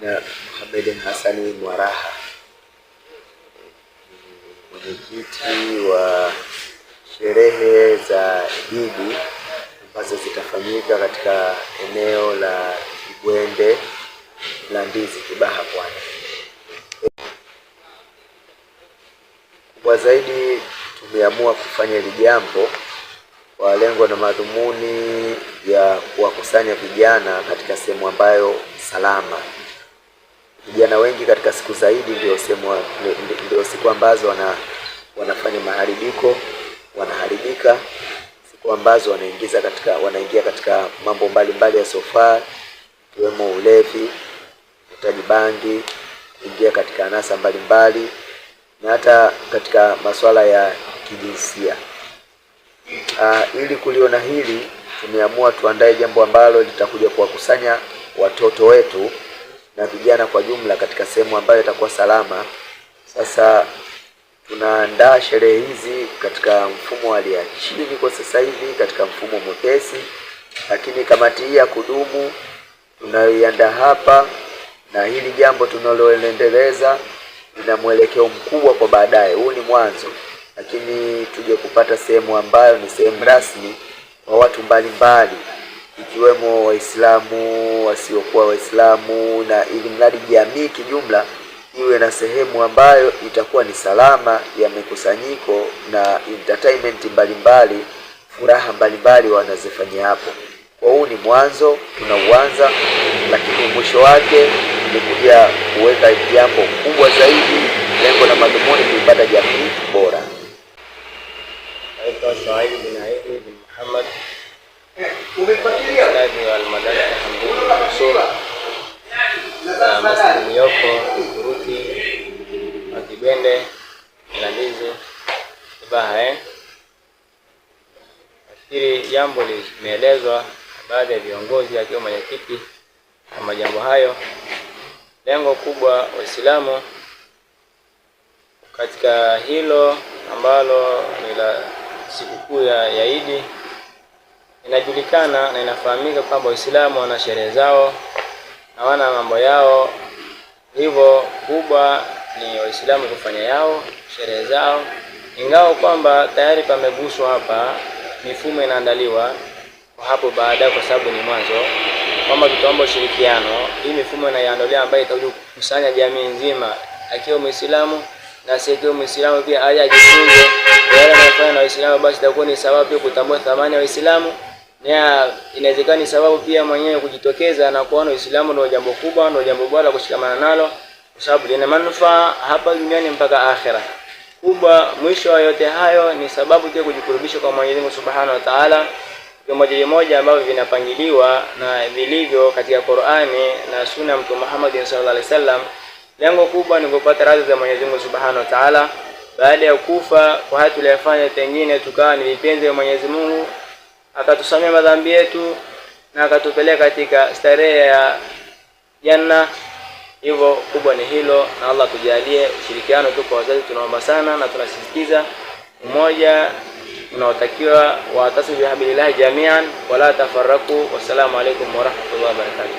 na Mohamed Hasani Mwaraha, mwenyekiti wa sherehe za Idi ambazo zitafanyika katika eneo la Kibwende la Ndizi, Kibaha, Pwani. Kubwa zaidi, tumeamua kufanya hili jambo kwa lengo na madhumuni ya kuwakusanya vijana katika sehemu ambayo salama Vijana wengi katika siku zaidi ndio sehemu ndio siku ambazo wana, wanafanya maharibiko, wanaharibika, siku ambazo wanaingiza katika wanaingia katika mambo mbalimbali ya sofa ikiwemo ulevi, utaji bangi, kuingia katika anasa mbalimbali na hata katika masuala ya kijinsia. Uh, ili kuliona hili tumeamua tuandae jambo ambalo litakuja kuwakusanya watoto wetu na vijana kwa jumla katika sehemu ambayo itakuwa salama. Sasa tunaandaa sherehe hizi katika mfumo wa hali ya chini kwa sasa hivi, katika mfumo mwepesi, lakini kamati hii ya kudumu tunayoiandaa hapa na hili jambo tunaloendeleza lina mwelekeo mkubwa kwa baadaye. Huu ni mwanzo, lakini tuje kupata sehemu ambayo ni sehemu rasmi kwa watu mbalimbali mbali ikiwemo Waislamu, wasiokuwa Waislamu, na ili mradi jamii kijumla iwe na sehemu ambayo itakuwa ni salama ya mikusanyiko na entertainment mbalimbali furaha mbalimbali wanazifanyia hapo. Kwa huu ni mwanzo tunauanza, lakini mwisho wake ni kuja kuweka jambo kubwa zaidi, lengo na madhumuni kuipata jamii bora. Wandani wa Almadani Hambuni Mosul na Masilimioko, Kikuruti, Makibende, Mlandizi, Kibaha. Eh, nafikiri jambo limeelezwa baadhi ya viongozi akiwa mwenyekiti na majambo hayo. Lengo kubwa Waislamu katika hilo ambalo ni la sikukuu ya Idi Inajulikana na inafahamika kwamba Waislamu wana sherehe zao na wana mambo yao, hivyo kubwa ni Waislamu kufanya yao sherehe zao, ingawa kwamba tayari pameguswa hapa, mifumo inaandaliwa kwa hapo baadaye, kwa sababu ni mwanzo kwamba tutaomba ushirikiano. Hii mifumo inayoandaliwa ambayo itakuja kukusanya jamii nzima, akiwa Muislamu na asiyekiwa Muislamu pia aje ajifunze yale anayofanya na Waislamu, basi itakuwa ni sababu ya kutambua thamani ya Waislamu na inawezekana ni sababu pia mwenyewe kujitokeza na kuona Uislamu ndio jambo kubwa, ndio jambo bora kushikamana nalo, kwa sababu lina manufaa hapa duniani mpaka akhera kubwa. Mwisho wa yote hayo ni sababu pia kujikurubisha kwa Mwenyezi Mungu Subhanahu wa Ta'ala, vimoja moja ambavyo vinapangiliwa na vilivyo katika Qur'ani na Sunna Mtume Muhammad sallallahu alaihi wasallam. Lengo kubwa ni kupata radhi za Mwenyezi Mungu Subhanahu wa Ta'ala baada ya kufa kwa hatu tuliyofanya, pengine tukawa ni vipenzi vya Mwenyezi Mungu akatusamea madhambi yetu na akatupeleka katika starehe ya janna. Hivyo kubwa ni hilo, na Allah tujalie ushirikiano tu kwa wazazi, tunaomba sana na tunasisitiza umoja unaotakiwa, tasbihu bihablillahi jamian wala tafaraku Wassalamu alaikum warahmatullahi wabarakatuh.